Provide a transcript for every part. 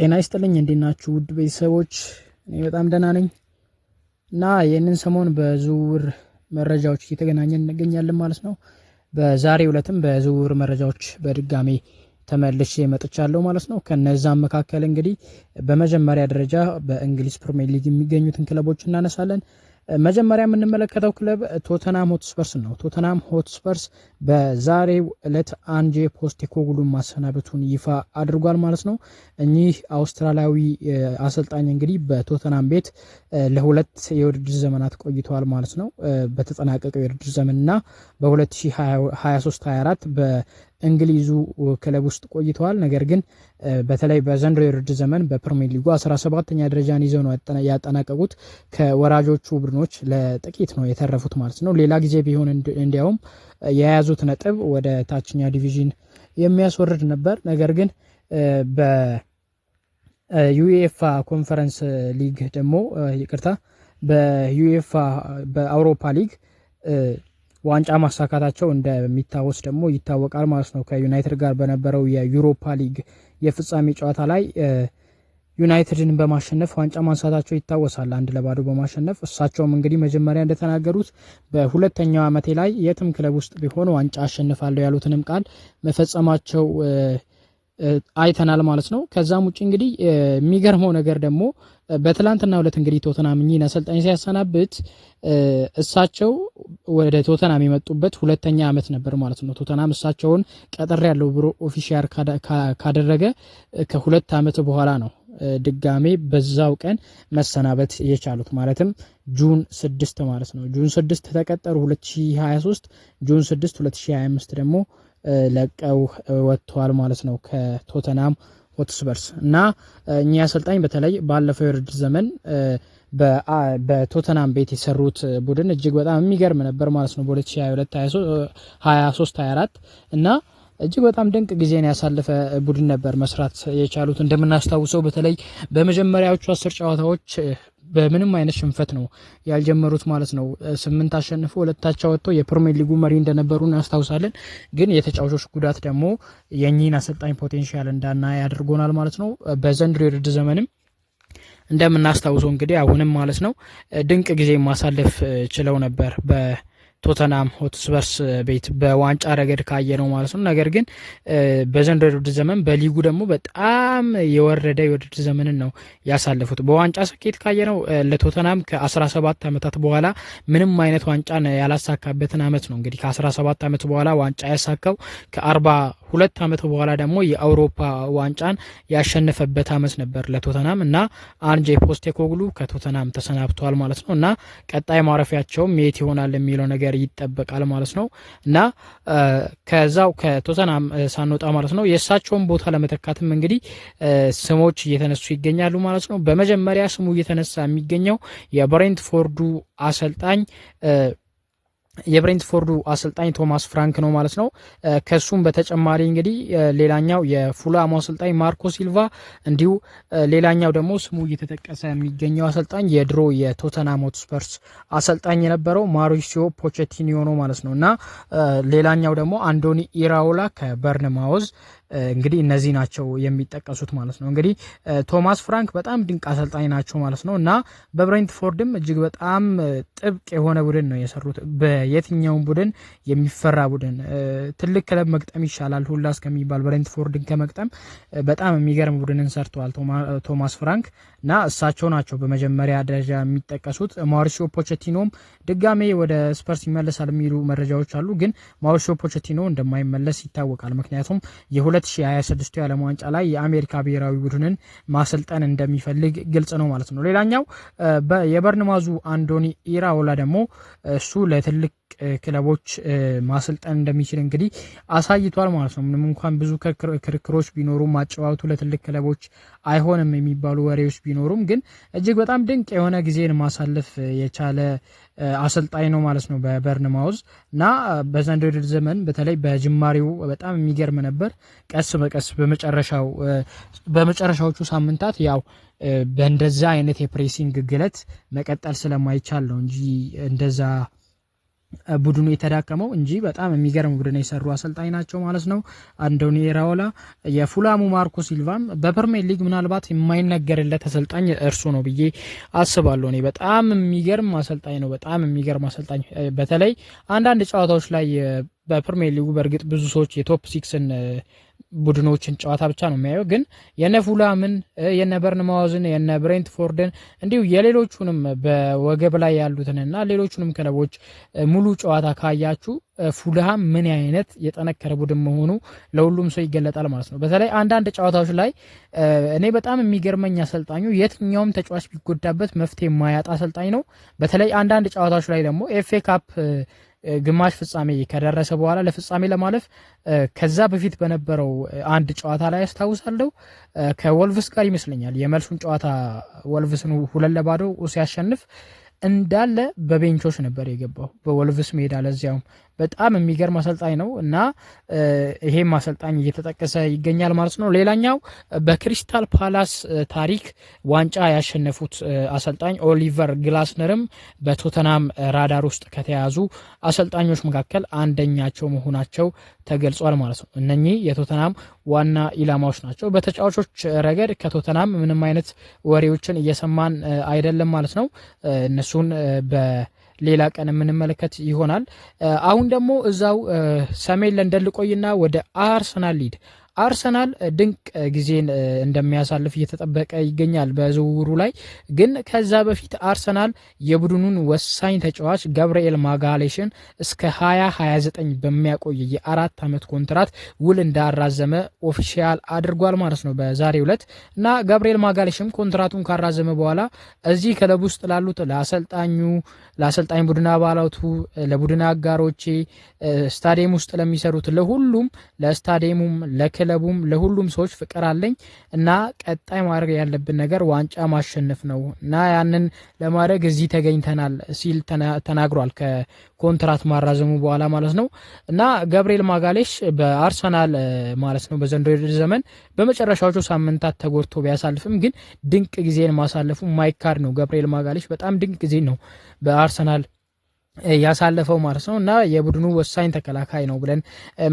ጤና ይስጥልኝ እንዴት ናችሁ ውድ ቤተሰቦች? እኔ በጣም ደህና ነኝ እና ይህንን ሰሞን በዝውውር መረጃዎች እየተገናኘን እንገኛለን ማለት ነው። በዛሬው ዕለትም በዝውውር መረጃዎች በድጋሜ ተመልሼ መጥቻለሁ ማለት ነው። ከነዛም መካከል እንግዲህ በመጀመሪያ ደረጃ በእንግሊዝ ፕሪሚየር ሊግ የሚገኙትን ክለቦች እናነሳለን። መጀመሪያ የምንመለከተው ክለብ ቶተናም ሆትስፐርስ ነው። ቶተናም ሆትስፐርስ በዛሬው ዕለት አንጄ ፖስቴኮግሉን ማሰናበቱን ይፋ አድርጓል ማለት ነው። እኚህ አውስትራሊያዊ አሰልጣኝ እንግዲህ በቶተናም ቤት ለሁለት የውድድር ዘመናት ቆይተዋል ማለት ነው። በተጠናቀቀው የውድድር ዘመንና በ2023/24 በእንግሊዙ ክለብ ውስጥ ቆይተዋል። ነገር ግን በተለይ በዘንድሮ የውድድር ዘመን በፕሪሚየር ሊጉ 17 ተኛ ደረጃን ይዘው ነው ያጠናቀቁት። ከወራጆቹ ቡድኖች ለጥቂት ነው የተረፉት ማለት ነው። ሌላ ጊዜ ቢሆን እንዲያውም የያዙት ነጥብ ወደ ታችኛ ዲቪዥን የሚያስወርድ ነበር። ነገር ግን በዩኤፋ ኮንፈረንስ ሊግ ደግሞ ይቅርታ፣ በዩኤፋ በአውሮፓ ሊግ ዋንጫ ማሳካታቸው እንደሚታወስ ደግሞ ይታወቃል ማለት ነው። ከዩናይትድ ጋር በነበረው የዩሮፓ ሊግ የፍጻሜ ጨዋታ ላይ ዩናይትድን በማሸነፍ ዋንጫ ማንሳታቸው ይታወሳል። አንድ ለባዶ በማሸነፍ እሳቸውም እንግዲህ መጀመሪያ እንደተናገሩት በሁለተኛው ዓመቴ ላይ የትም ክለብ ውስጥ ቢሆን ዋንጫ አሸንፋለሁ ያሉትንም ቃል መፈጸማቸው አይተናል ማለት ነው። ከዛም ውጭ እንግዲህ የሚገርመው ነገር ደግሞ በትላንትና ሁለት እንግዲህ ቶተናም እኚህን አሰልጣኝ ሲያሰናብት እሳቸው ወደ ቶተናም የመጡበት ሁለተኛ ዓመት ነበር ማለት ነው። ቶተናም እሳቸውን ቀጠር ያለው ብሮ ኦፊሻር ካደረገ ከሁለት ዓመት በኋላ ነው ድጋሜ በዛው ቀን መሰናበት የቻሉት ማለትም ጁን 6 ማለት ነው። ጁን 6 ተቀጠሩ 2023 ጁን 6 2025 ደግሞ ለቀው ወጥተዋል ማለት ነው ከቶተናም ሆትስፐርስ እና እኚህ አሰልጣኝ በተለይ ባለፈው የውድድር ዘመን በቶተናም ቤት የሰሩት ቡድን እጅግ በጣም የሚገርም ነበር ማለት ነው በ2022 23 24 እና እጅግ በጣም ድንቅ ጊዜን ያሳለፈ ቡድን ነበር መስራት የቻሉት። እንደምናስታውሰው በተለይ በመጀመሪያዎቹ አስር ጨዋታዎች በምንም አይነት ሽንፈት ነው ያልጀመሩት ማለት ነው። ስምንት አሸንፎ ሁለታቻ ወጥቶ የፕሪሚየር ሊጉ መሪ እንደነበሩ እናስታውሳለን። ግን የተጫዋቾች ጉዳት ደግሞ የእኚህን አሰልጣኝ ፖቴንሻል እንዳና ያደርጎናል ማለት ነው። በዘንድሮ የውድድር ዘመንም እንደምናስታውሰው እንግዲህ አሁንም ማለት ነው ድንቅ ጊዜ ማሳለፍ ችለው ነበር። ቶተናም ሆትስፐርስ ቤት በዋንጫ ረገድ ካየ ነው ማለት ነው። ነገር ግን በዘንድሮ የውድድር ዘመን በሊጉ ደግሞ በጣም የወረደ የውድድር ዘመንን ነው ያሳለፉት። በዋንጫ ስኬት ካየ ነው ለቶተናም ከ17 ዓመታት በኋላ ምንም አይነት ዋንጫን ያላሳካበትን አመት ነው እንግዲህ ከ17 ዓመት በኋላ ዋንጫ ያሳካው ከ40 ሁለት ዓመት በኋላ ደግሞ የአውሮፓ ዋንጫን ያሸነፈበት ዓመት ነበር ለቶተናም እና አንጄ ፖስቴኮግሉ ከቶተናም ተሰናብተዋል ማለት ነው እና ቀጣይ ማረፊያቸውም የት ይሆናል የሚለው ነገር ይጠበቃል ማለት ነው እና ከዛው ከቶተናም ሳንወጣ ማለት ነው የእሳቸውን ቦታ ለመተካትም እንግዲህ ስሞች እየተነሱ ይገኛሉ ማለት ነው። በመጀመሪያ ስሙ እየተነሳ የሚገኘው የብሬንትፎርዱ አሰልጣኝ የብሬንትፎርዱ አሰልጣኝ ቶማስ ፍራንክ ነው ማለት ነው። ከሱም በተጨማሪ እንግዲህ ሌላኛው የፉላሙ አሰልጣኝ ማርኮ ሲልቫ እንዲሁ ሌላኛው ደግሞ ስሙ እየተጠቀሰ የሚገኘው አሰልጣኝ የድሮ የቶተንሃም ሆትስፐርስ አሰልጣኝ የነበረው ማሪሲዮ ፖቼቲኒዮ ነው ማለት ነው እና ሌላኛው ደግሞ አንዶኒ ኢራውላ ከበርንማውዝ እንግዲህ እነዚህ ናቸው የሚጠቀሱት ማለት ነው። እንግዲህ ቶማስ ፍራንክ በጣም ድንቅ አሰልጣኝ ናቸው ማለት ነው እና በብሬንትፎርድም እጅግ በጣም ጥብቅ የሆነ ቡድን ነው የሰሩት። በየትኛውም ቡድን የሚፈራ ቡድን ትልቅ ክለብ መግጠም ይሻላል ሁላ እስከሚባል ብሬንትፎርድን ከመግጠም በጣም የሚገርም ቡድንን ሰርተዋል ቶማስ ፍራንክ እና እሳቸው ናቸው በመጀመሪያ ደረጃ የሚጠቀሱት። ማውሪሲዮ ፖቼቲኖም ድጋሜ ወደ ስፐርስ ይመለሳል የሚሉ መረጃዎች አሉ። ግን ማውሪሲዮ ፖቼቲኖ እንደማይመለስ ይታወቃል። ምክንያቱም የሁለ በ2026 የዓለም ዋንጫ ላይ የአሜሪካ ብሔራዊ ቡድንን ማሰልጠን እንደሚፈልግ ግልጽ ነው ማለት ነው። ሌላኛው የበርንማዙ አንዶኒ ኢራኦላ ደግሞ እሱ ለትልቅ ክለቦች ማሰልጠን እንደሚችል እንግዲህ አሳይቷል ማለት ነው። ምንም እንኳን ብዙ ክርክሮች ቢኖሩም ማጨዋወቱ ለትልቅ ክለቦች አይሆንም የሚባሉ ወሬዎች ቢኖሩም ግን እጅግ በጣም ድንቅ የሆነ ጊዜን ማሳለፍ የቻለ አሰልጣኝ ነው ማለት ነው በበርንማውዝ እና በዘንድሮ ውድድር ዘመን በተለይ በጅማሬው በጣም የሚገርም ነበር። ቀስ በቀስ በመጨረሻው በመጨረሻዎቹ ሳምንታት ያው በእንደዛ አይነት የፕሬሲንግ ግለት መቀጠል ስለማይቻል ነው እንጂ እንደዛ ቡድኑ የተዳከመው እንጂ በጣም የሚገርም ቡድን የሰሩ አሰልጣኝ ናቸው ማለት ነው። አንዶኒ ኢራኦላ፣ የፉላሙ ማርኮ ሲልቫም በፕሪሚየር ሊግ ምናልባት የማይነገርለት አሰልጣኝ እርሱ ነው ብዬ አስባለሁ። እኔ በጣም የሚገርም አሰልጣኝ ነው። በጣም የሚገርም አሰልጣኝ በተለይ አንዳንድ ጨዋታዎች ላይ በፕሪሚየር ሊጉ በእርግጥ ብዙ ሰዎች የቶፕ ሲክስን ቡድኖችን ጨዋታ ብቻ ነው የሚያየው። ግን የነ ፉላምን የነ በርንማውዝን የነ ብሬንትፎርድን እንዲሁ የሌሎቹንም በወገብ ላይ ያሉትንና ሌሎቹንም ክለቦች ሙሉ ጨዋታ ካያችሁ ፉልሃም ምን አይነት የጠነከረ ቡድን መሆኑ ለሁሉም ሰው ይገለጣል ማለት ነው። በተለይ አንዳንድ ጨዋታዎች ላይ እኔ በጣም የሚገርመኝ አሰልጣኙ የትኛውም ተጫዋች ቢጎዳበት መፍትሄ የማያጣ አሰልጣኝ ነው። በተለይ አንዳንድ ጨዋታዎች ላይ ደግሞ ኤፍ ኤ ካፕ ግማሽ ፍጻሜ ከደረሰ በኋላ ለፍጻሜ ለማለፍ ከዛ በፊት በነበረው አንድ ጨዋታ ላይ ያስታውሳለሁ ከወልቭስ ጋር ይመስለኛል የመልሱን ጨዋታ ወልቭስን ሁለት ለባዶ ሲያሸንፍ እንዳለ በቤንቾች ነበር የገባው በወልቭስ ሜዳ ለዚያውም በጣም የሚገርም አሰልጣኝ ነው እና ይሄም አሰልጣኝ እየተጠቀሰ ይገኛል ማለት ነው። ሌላኛው በክሪስታል ፓላስ ታሪክ ዋንጫ ያሸነፉት አሰልጣኝ ኦሊቨር ግላስነርም በቶተናም ራዳር ውስጥ ከተያዙ አሰልጣኞች መካከል አንደኛቸው መሆናቸው ተገልጿል ማለት ነው። እነኚህ የቶተናም ዋና ኢላማዎች ናቸው። በተጫዋቾች ረገድ ከቶተናም ምንም አይነት ወሬዎችን እየሰማን አይደለም ማለት ነው እነሱን በ ሌላ ቀን የምንመለከት ይሆናል። አሁን ደግሞ እዛው ሰሜን ለንደን ልቆይና ወደ አርሰናል ሊድ አርሰናል ድንቅ ጊዜን እንደሚያሳልፍ እየተጠበቀ ይገኛል። በዝውውሩ ላይ ግን ከዛ በፊት አርሰናል የቡድኑን ወሳኝ ተጫዋች ገብርኤል ማጋሌሽን እስከ 2029 በሚያቆይ የአራት ዓመት ኮንትራት ውል እንዳራዘመ ኦፊሻል አድርጓል ማለት ነው በዛሬው ዕለት እና ገብርኤል ማጋሌሽም ኮንትራቱን ካራዘመ በኋላ እዚህ ክለብ ውስጥ ላሉት ለአሰልጣኙ፣ ለአሰልጣኝ ቡድን አባላቱ፣ ለቡድን አጋሮቼ፣ ስታዲየም ውስጥ ለሚሰሩት፣ ለሁሉም ለስታዲየሙም ለክል ለክለቡም ለሁሉም ሰዎች ፍቅር አለኝ እና ቀጣይ ማድረግ ያለብን ነገር ዋንጫ ማሸነፍ ነው እና ያንን ለማድረግ እዚህ ተገኝተናል ሲል ተናግሯል። ከኮንትራት ማራዘሙ በኋላ ማለት ነው እና ገብርኤል ማጋሌሽ በአርሰናል ማለት ነው በዘንድሮ የውድድር ዘመን በመጨረሻዎቹ ሳምንታት ተጎድቶ ቢያሳልፍም ግን ድንቅ ጊዜን ማሳለፉ ማይካድ ነው። ገብርኤል ማጋሌሽ በጣም ድንቅ ጊዜ ነው በአርሰናል ያሳለፈው ማለት ነው እና የቡድኑ ወሳኝ ተከላካይ ነው ብለን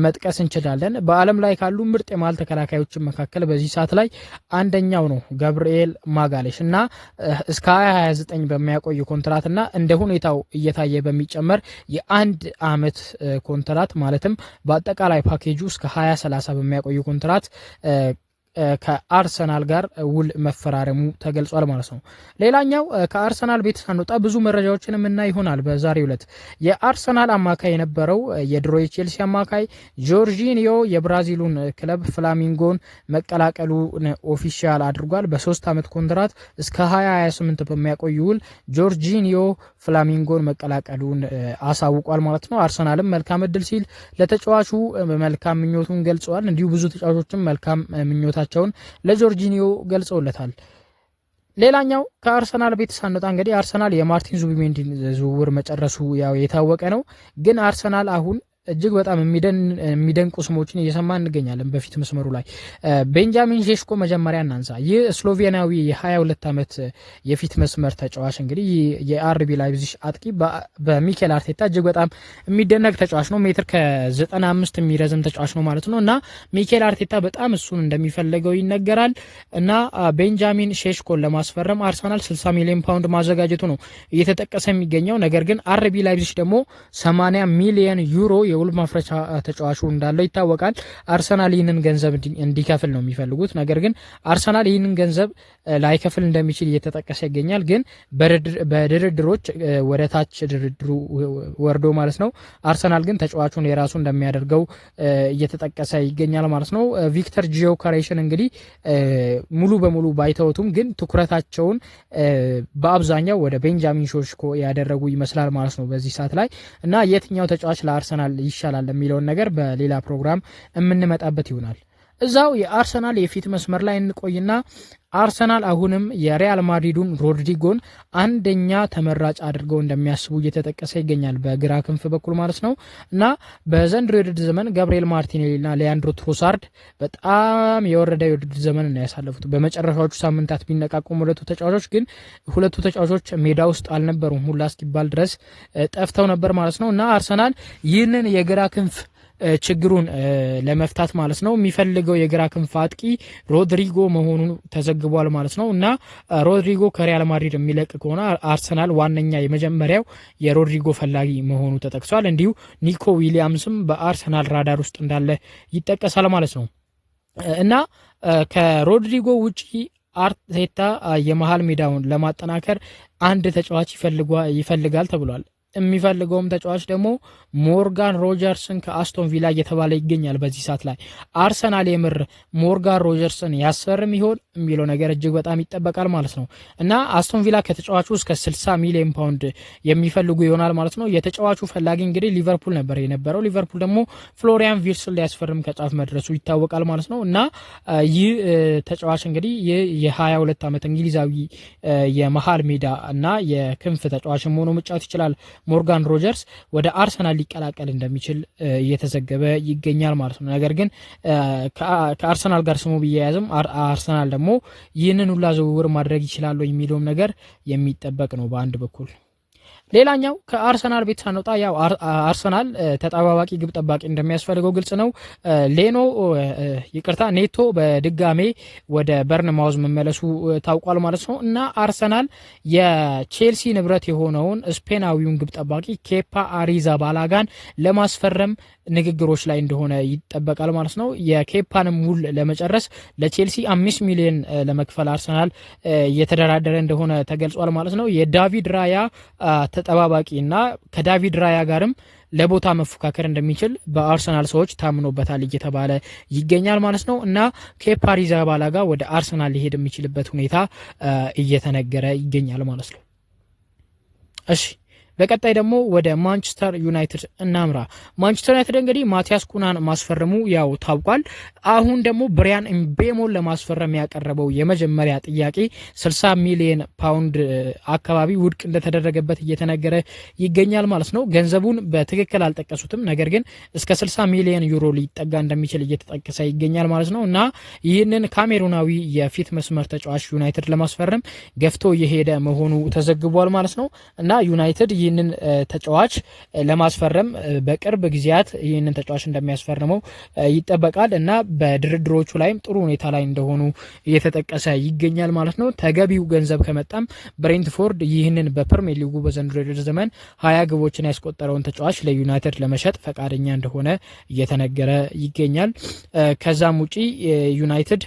መጥቀስ እንችላለን። በዓለም ላይ ካሉ ምርጥ የመሃል ተከላካዮችን መካከል በዚህ ሰዓት ላይ አንደኛው ነው ገብርኤል ማጋሌሽ እና እስከ 2029 በሚያቆይ ኮንትራት እና እንደ ሁኔታው እየታየ በሚጨመር የአንድ አመት ኮንትራት ማለትም በአጠቃላይ ፓኬጁ እስከ 2030 በሚያቆይ ኮንትራት ከአርሰናል ጋር ውል መፈራረሙ ተገልጿል ማለት ነው። ሌላኛው ከአርሰናል ቤት ሳንወጣ ብዙ መረጃዎችን የምናይ ይሆናል። በዛሬው ዕለት የአርሰናል አማካይ የነበረው የድሮ የቼልሲ አማካይ ጆርጂኒዮ የብራዚሉን ክለብ ፍላሚንጎን መቀላቀሉን ኦፊሻል አድርጓል። በሶስት ዓመት ኮንትራት እስከ 2028 በሚያቆይ ውል ጆርጂኒዮ ፍላሚንጎን መቀላቀሉን አሳውቋል ማለት ነው። አርሰናልም መልካም እድል ሲል ለተጫዋቹ መልካም ምኞቱን ገልጸዋል። እንዲሁ ብዙ ተጫዋቾችም መልካም ምኞታ መሆናቸውን ለጆርጂኒዮ ገልጸውለታል። ሌላኛው ከአርሰናል ቤት ሳንወጣ እንግዲህ አርሰናል የማርቲን ዙቢሜንዲን ዝውውር መጨረሱ ያው የታወቀ ነው። ግን አርሰናል አሁን እጅግ በጣም የሚደንቁ ስሞችን እየሰማ እንገኛለን። በፊት መስመሩ ላይ ቤንጃሚን ሼሽኮ መጀመሪያ እናንሳ። ይህ ስሎቬናዊ የ22 ዓመት የፊት መስመር ተጫዋች እንግዲህ የአርቢ ላይፕዚግ አጥቂ በሚኬል አርቴታ እጅግ በጣም የሚደነቅ ተጫዋች ነው። ሜትር ከ95 የሚረዝም ተጫዋች ነው ማለት ነው እና ሚኬል አርቴታ በጣም እሱን እንደሚፈልገው ይነገራል እና ቤንጃሚን ሼሽኮን ለማስፈረም አርሰናል 60 ሚሊዮን ፓውንድ ማዘጋጀቱ ነው እየተጠቀሰ የሚገኘው ነገር ግን አርቢ ላይፕዚግ ደግሞ 80 ሚሊዮን ዩሮ የውል ማፍረቻ ተጫዋቹ እንዳለው ይታወቃል። አርሰናል ይህንን ገንዘብ እንዲከፍል ነው የሚፈልጉት። ነገር ግን አርሰናል ይህንን ገንዘብ ላይከፍል እንደሚችል እየተጠቀሰ ይገኛል። ግን በድርድሮች ወደ ታች ድርድሩ ወርዶ ማለት ነው አርሰናል ግን ተጫዋቹን የራሱ እንደሚያደርገው እየተጠቀሰ ይገኛል ማለት ነው። ቪክተር ጂዮካሬሽን እንግዲህ ሙሉ በሙሉ ባይተወቱም ግን ትኩረታቸውን በአብዛኛው ወደ ቤንጃሚን ሾሽኮ ያደረጉ ይመስላል ማለት ነው በዚህ ሰዓት ላይ እና የትኛው ተጫዋች ለአርሰናል ይሻላል የሚለውን ነገር በሌላ ፕሮግራም የምንመጣበት ይሆናል። እዛው የአርሰናል የፊት መስመር ላይ እንቆይና አርሰናል አሁንም የሪያል ማድሪዱን ሮድሪጎን አንደኛ ተመራጭ አድርገው እንደሚያስቡ እየተጠቀሰ ይገኛል። በግራ ክንፍ በኩል ማለት ነው እና በዘንድሮ የውድድር ዘመን ገብርኤል ማርቲኔሊና ሊያንድሮ ትሮሳርድ በጣም የወረደ የውድድር ዘመን ነው ያሳለፉት። በመጨረሻዎቹ ሳምንታት ቢነቃቁም ሁለቱ ተጫዋቾች ግን ሁለቱ ተጫዋቾች ሜዳ ውስጥ አልነበሩም ሁላ እስኪባል ድረስ ጠፍተው ነበር ማለት ነው እና አርሰናል ይህንን የግራ ክንፍ ችግሩን ለመፍታት ማለት ነው የሚፈልገው የግራ ክንፍ አጥቂ ሮድሪጎ መሆኑ ተዘግቧል ማለት ነው እና ሮድሪጎ ከሪያል ማድሪድ የሚለቅ ከሆነ አርሰናል ዋነኛ የመጀመሪያው የሮድሪጎ ፈላጊ መሆኑ ተጠቅሷል። እንዲሁ ኒኮ ዊሊያምስም በአርሰናል ራዳር ውስጥ እንዳለ ይጠቀሳል ማለት ነው እና ከሮድሪጎ ውጪ አርቴታ የመሀል ሜዳውን ለማጠናከር አንድ ተጫዋች ይፈልጋል ተብሏል። የሚፈልገውም ተጫዋች ደግሞ ሞርጋን ሮጀርስን ከአስቶን ቪላ እየተባለ ይገኛል። በዚህ ሰዓት ላይ አርሰናል የምር ሞርጋን ሮጀርስን ያስፈርም ይሆን የሚለው ነገር እጅግ በጣም ይጠበቃል ማለት ነው እና አስቶን ቪላ ከተጫዋቹ እስከ 60 ሚሊዮን ፓውንድ የሚፈልጉ ይሆናል ማለት ነው። የተጫዋቹ ፈላጊ እንግዲህ ሊቨርፑል ነበር የነበረው። ሊቨርፑል ደግሞ ፍሎሪያን ቪርስን ሊያስፈርም ከጫፍ መድረሱ ይታወቃል ማለት ነው እና ይህ ተጫዋች እንግዲህ ይህ የ22 ዓመት እንግሊዛዊ የመሀል ሜዳ እና የክንፍ ተጫዋች መሆኖ መጫወት ይችላል ሞርጋን ሮጀርስ ወደ አርሰናል ሊቀላቀል እንደሚችል እየተዘገበ ይገኛል ማለት ነው። ነገር ግን ከአርሰናል ጋር ስሙ ቢያያዝም አርሰናል ደግሞ ይህንን ሁላ ዝውውር ማድረግ ይችላሉ የሚለውም ነገር የሚጠበቅ ነው በአንድ በኩል ሌላኛው ከአርሰናል ቤት ሳንወጣ ያው አርሰናል ተጠባባቂ ግብ ጠባቂ እንደሚያስፈልገው ግልጽ ነው። ሌኖ ይቅርታ ኔቶ በድጋሜ ወደ ማውዝ መመለሱ ታውቋል ማለት ነው እና አርሰናል የቼልሲ ንብረት የሆነውን ስፔናዊውን ግብ ጠባቂ ኬፓ ባላጋን ለማስፈረም ንግግሮች ላይ እንደሆነ ይጠበቃል ማለት ነው። የኬፓንም ውል ለመጨረስ ለቼልሲ አምስት ሚሊዮን ለመክፈል አርሰናል እየተደራደረ እንደሆነ ተገልጿል ማለት ነው። የዳቪድ ራያ ተጠባባቂ እና ከዳቪድ ራያ ጋርም ለቦታ መፎካከር እንደሚችል በአርሰናል ሰዎች ታምኖበታል እየተባለ ይገኛል ማለት ነው እና ከፓሪዝ አባላ ጋር ወደ አርሰናል ሊሄድ የሚችልበት ሁኔታ እየተነገረ ይገኛል ማለት ነው። እሺ በቀጣይ ደግሞ ወደ ማንቸስተር ዩናይትድ እናምራ። ማንቸስተር ዩናይትድ እንግዲህ ማቲያስ ኩናን ማስፈረሙ ያው ታውቋል። አሁን ደግሞ ብሪያን ምቤሞን ለማስፈረም ያቀረበው የመጀመሪያ ጥያቄ 60 ሚሊዮን ፓውንድ አካባቢ ውድቅ እንደተደረገበት እየተነገረ ይገኛል ማለት ነው። ገንዘቡን በትክክል አልጠቀሱትም፣ ነገር ግን እስከ 60 ሚሊዮን ዩሮ ሊጠጋ እንደሚችል እየተጠቀሰ ይገኛል ማለት ነው እና ይህንን ካሜሩናዊ የፊት መስመር ተጫዋች ዩናይትድ ለማስፈረም ገፍቶ እየሄደ መሆኑ ተዘግቧል ማለት ነው እና ዩናይትድ ይህንን ተጫዋች ለማስፈረም በቅርብ ጊዜያት ይህንን ተጫዋች እንደሚያስፈርመው ይጠበቃል እና በድርድሮቹ ላይም ጥሩ ሁኔታ ላይ እንደሆኑ እየተጠቀሰ ይገኛል ማለት ነው። ተገቢው ገንዘብ ከመጣም ብሬንትፎርድ ይህንን በፕሪሚየር ሊጉ በዘንድሮ የውድድር ዘመን ሀያ ግቦችን ያስቆጠረውን ተጫዋች ለዩናይትድ ለመሸጥ ፈቃደኛ እንደሆነ እየተነገረ ይገኛል። ከዛም ውጪ ዩናይትድ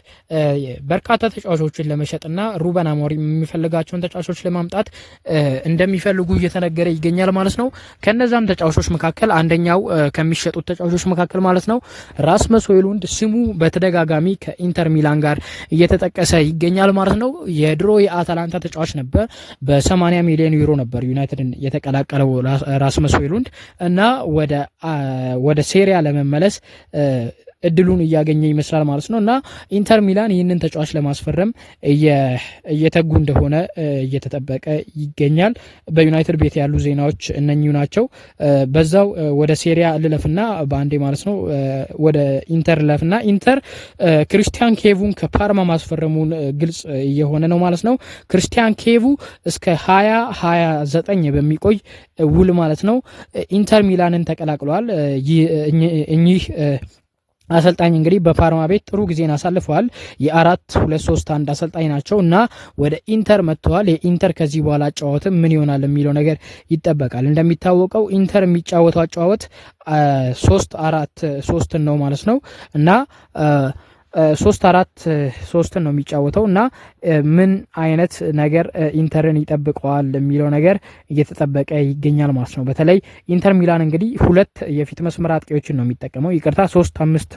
በርካታ ተጫዋቾችን ለመሸጥና ሩበን አሞሪም የሚፈልጋቸውን ተጫዋቾች ለማምጣት እንደሚፈልጉ እየተነገረ ላይ ይገኛል ማለት ነው። ከነዛም ተጫዋቾች መካከል አንደኛው ከሚሸጡት ተጫዋቾች መካከል ማለት ነው ራስመስ ሆይሉንድ ስሙ በተደጋጋሚ ከኢንተር ሚላን ጋር እየተጠቀሰ ይገኛል ማለት ነው። የድሮ የአታላንታ ተጫዋች ነበር። በ80 ሚሊዮን ዩሮ ነበር ዩናይትድን የተቀላቀለው ራስመስ ሆይሉንድ እና ወደ ሴሪያ ለመመለስ እድሉን እያገኘ ይመስላል ማለት ነው እና ኢንተር ሚላን ይህንን ተጫዋች ለማስፈረም እየተጉ እንደሆነ እየተጠበቀ ይገኛል። በዩናይትድ ቤት ያሉ ዜናዎች እነኚሁ ናቸው። በዛው ወደ ሴሪያ ልለፍና በአንዴ ማለት ነው ወደ ኢንተር ልለፍና ኢንተር ክሪስቲያን ኬቡን ከፓርማ ማስፈረሙን ግልጽ እየሆነ ነው ማለት ነው። ክሪስቲያን ኬቡ እስከ 2029 በሚቆይ ውል ማለት ነው ኢንተር ሚላንን ተቀላቅሏል። እኚህ አሰልጣኝ እንግዲህ በፓርማ ቤት ጥሩ ጊዜን አሳልፈዋል። የአራት ሁለት ሶስት አንድ አሰልጣኝ ናቸው እና ወደ ኢንተር መጥተዋል። የኢንተር ከዚህ በኋላ አጨዋወትም ምን ይሆናል የሚለው ነገር ይጠበቃል። እንደሚታወቀው ኢንተር የሚጫወተው አጨዋወት ሶስት አራት ሶስትን ነው ማለት ነው እና ሶስት አራት ሶስትን ነው የሚጫወተው እና ምን አይነት ነገር ኢንተርን ይጠብቀዋል የሚለው ነገር እየተጠበቀ ይገኛል ማለት ነው። በተለይ ኢንተር ሚላን እንግዲህ ሁለት የፊት መስመር አጥቂዎችን ነው የሚጠቀመው፣ ይቅርታ ሶስት አምስት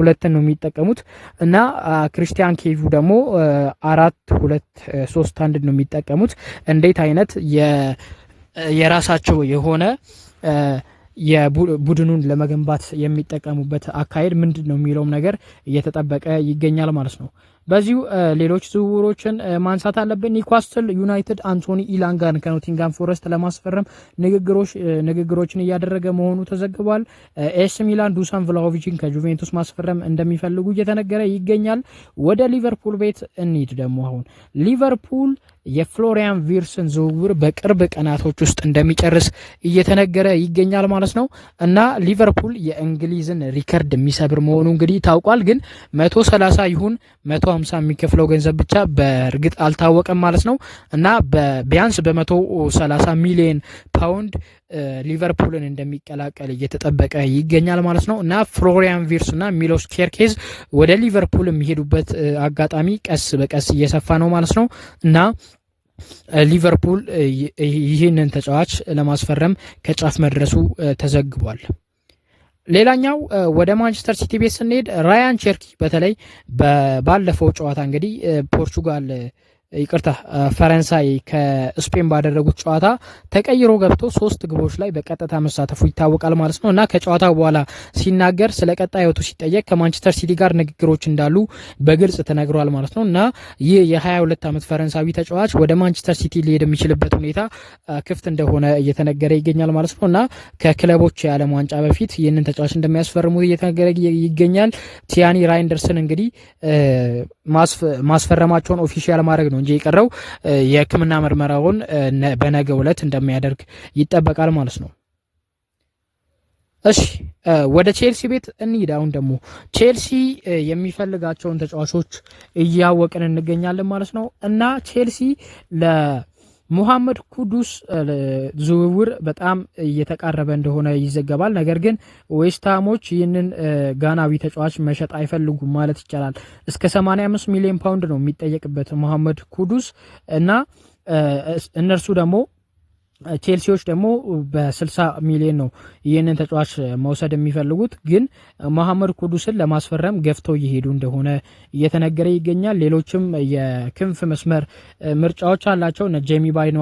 ሁለትን ነው የሚጠቀሙት እና ክርስቲያን ኬቪ ደግሞ አራት ሁለት ሶስት አንድ ነው የሚጠቀሙት። እንዴት አይነት የራሳቸው የሆነ የቡድኑን ለመገንባት የሚጠቀሙበት አካሄድ ምንድን ነው የሚለውም ነገር እየተጠበቀ ይገኛል ማለት ነው። በዚሁ ሌሎች ዝውውሮችን ማንሳት አለብን። ኒኳስትል ዩናይትድ አንቶኒ ኢላንጋን ከኖቲንጋም ፎረስት ለማስፈረም ንግግሮች ንግግሮችን እያደረገ መሆኑ ተዘግቧል። ኤስ ሚላን ዱሳን ቭላሆቪችን ከጁቬንቱስ ማስፈረም እንደሚፈልጉ እየተነገረ ይገኛል። ወደ ሊቨርፑል ቤት እንሂድ ደግሞ አሁን ሊቨርፑል የፍሎሪያን ቪርስን ዝውውር በቅርብ ቀናቶች ውስጥ እንደሚጨርስ እየተነገረ ይገኛል ማለት ነው እና ሊቨርፑል የእንግሊዝን ሪከርድ የሚሰብር መሆኑ እንግዲህ ታውቋል። ግን መቶ ሰላሳ ይሁን መቶ ሀምሳ የሚከፍለው ገንዘብ ብቻ በእርግጥ አልታወቀም ማለት ነው እና ቢያንስ በመቶ ሰላሳ ሚሊየን ፓውንድ ሊቨርፑልን እንደሚቀላቀል እየተጠበቀ ይገኛል ማለት ነው እና ፍሎሪያን ቪርስ እና ሚሎስ ኬርኬዝ ወደ ሊቨርፑል የሚሄዱበት አጋጣሚ ቀስ በቀስ እየሰፋ ነው ማለት ነው እና ሊቨርፑል ይህንን ተጫዋች ለማስፈረም ከጫፍ መድረሱ ተዘግቧል። ሌላኛው ወደ ማንቸስተር ሲቲ ቤት ስንሄድ ራያን ቸርኪ በተለይ ባለፈው ጨዋታ እንግዲህ ፖርቹጋል ይቅርታ ፈረንሳይ ከስፔን ባደረጉት ጨዋታ ተቀይሮ ገብቶ ሶስት ግቦች ላይ በቀጥታ መሳተፉ ይታወቃል ማለት ነው እና ከጨዋታው በኋላ ሲናገር ስለ ቀጣይ ህይወቱ ሲጠየቅ ከማንቸስተር ሲቲ ጋር ንግግሮች እንዳሉ በግልጽ ተነግሯል ማለት ነው እና ይህ የ22 ዓመት ፈረንሳዊ ተጫዋች ወደ ማንቸስተር ሲቲ ሊሄድ የሚችልበት ሁኔታ ክፍት እንደሆነ እየተነገረ ይገኛል ማለት ነው እና ከክለቦች የዓለም ዋንጫ በፊት ይህንን ተጫዋች እንደሚያስፈርሙት እየተነገረ ይገኛል። ቲያኒ ራይንደርስን እንግዲህ ማስፈረማቸውን ኦፊሻል ማድረግ ነው እንጂ የቀረው የህክምና ምርመራውን በነገ ዕለት እንደሚያደርግ ይጠበቃል ማለት ነው። እሺ ወደ ቼልሲ ቤት እንሂድ። አሁን ደግሞ ቼልሲ የሚፈልጋቸውን ተጫዋቾች እያወቅን እንገኛለን ማለት ነው እና ቼልሲ ለ ሙሐመድ ኩዱስ ዝውውር በጣም እየተቃረበ እንደሆነ ይዘገባል። ነገር ግን ዌስትሃሞች ይህንን ጋናዊ ተጫዋች መሸጥ አይፈልጉም ማለት ይቻላል። እስከ 85 ሚሊዮን ፓውንድ ነው የሚጠየቅበት ሙሐመድ ኩዱስ እና እነርሱ ደግሞ ቼልሲዎች ደግሞ በ60 ሚሊዮን ነው ይህንን ተጫዋች መውሰድ የሚፈልጉት ግን መሐመድ ኩዱስን ለማስፈረም ገፍተው እየሄዱ እንደሆነ እየተነገረ ይገኛል። ሌሎችም የክንፍ መስመር ምርጫዎች አላቸው እነ ጄሚ ባይን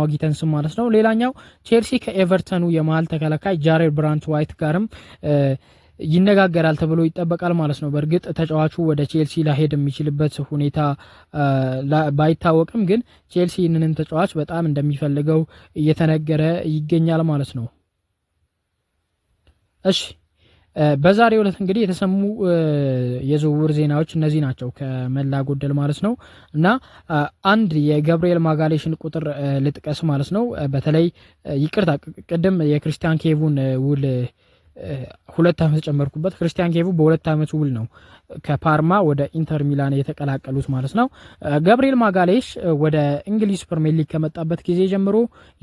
ማለት ነው። ሌላኛው ቼልሲ ከኤቨርተኑ የመሀል ተከላካይ ጃሬድ ብራንት ዋይት ጋርም ይነጋገራል ተብሎ ይጠበቃል ማለት ነው። በእርግጥ ተጫዋቹ ወደ ቼልሲ ላሄድ የሚችልበት ሁኔታ ባይታወቅም፣ ግን ቼልሲ ይህንን ተጫዋች በጣም እንደሚፈልገው እየተነገረ ይገኛል ማለት ነው። እሺ በዛሬው ዕለት እንግዲህ የተሰሙ የዝውውር ዜናዎች እነዚህ ናቸው፣ ከመላ ጎደል ማለት ነው። እና አንድ የገብርኤል ማጋሌሽን ቁጥር ልጥቀስ ማለት ነው። በተለይ ይቅርታ፣ ቅድም የክርስቲያን ኬቡን ውል ሁለት ዓመት ጨመርኩበት። ክርስቲያን ኬቭ በሁለት ዓመት ውል ነው ከፓርማ ወደ ኢንተር ሚላን የተቀላቀሉት ማለት ነው። ገብርኤል ማጋሌሽ ወደ እንግሊዝ ፕሪሚየር ሊግ ከመጣበት ጊዜ ጀምሮ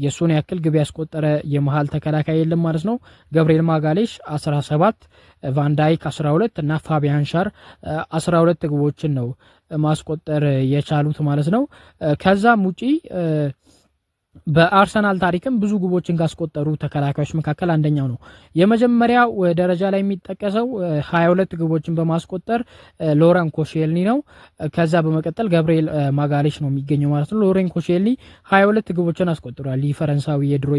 የእሱን ያክል ግብ ያስቆጠረ የመሀል ተከላካይ የለም ማለት ነው። ገብርኤል ማጋሌሽ 17 ቫንዳይክ 12 እና ፋቢያን ሻር 12 ግቦችን ነው ማስቆጠር የቻሉት ማለት ነው። ከዛም ውጪ በአርሰናል ታሪክም ብዙ ግቦችን ካስቆጠሩ ተከላካዮች መካከል አንደኛው ነው። የመጀመሪያው ደረጃ ላይ የሚጠቀሰው 22 ግቦችን በማስቆጠር ሎረን ኮሼልኒ ነው። ከዛ በመቀጠል ገብርኤል ማጋሌሽ ነው የሚገኘው ማለት ነው። ሎረን ኮሼልኒ 22 ግቦችን አስቆጥሯል። ይህ ፈረንሳዊ የድሮ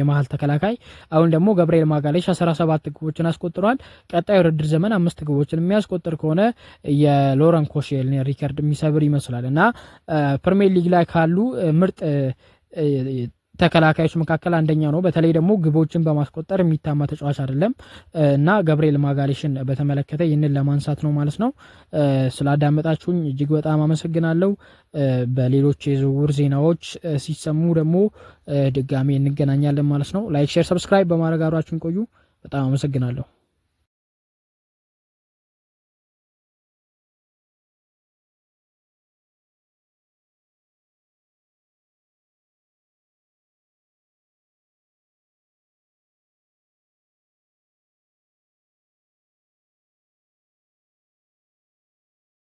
የመሀል ተከላካይ። አሁን ደግሞ ገብርኤል ማጋሌሽ 17 ግቦችን አስቆጥሯል። ቀጣይ ውድድር ዘመን አምስት ግቦችን የሚያስቆጥር ከሆነ የሎረን ኮሼልኒ ሪከርድ የሚሰብር ይመስላል እና ፕሪሚየር ሊግ ላይ ካሉ ምርጥ ተከላካዮች መካከል አንደኛው ነው። በተለይ ደግሞ ግቦችን በማስቆጠር የሚታማ ተጫዋች አይደለም እና ገብርኤል ማጋሌሽን በተመለከተ ይህንን ለማንሳት ነው ማለት ነው። ስላዳመጣችሁኝ እጅግ በጣም አመሰግናለሁ። በሌሎች የዝውውር ዜናዎች ሲሰሙ ደግሞ ድጋሜ እንገናኛለን ማለት ነው። ላይክ፣ ሼር፣ ሰብስክራይብ በማድረግ አብራችሁን ቆዩ። በጣም አመሰግናለሁ።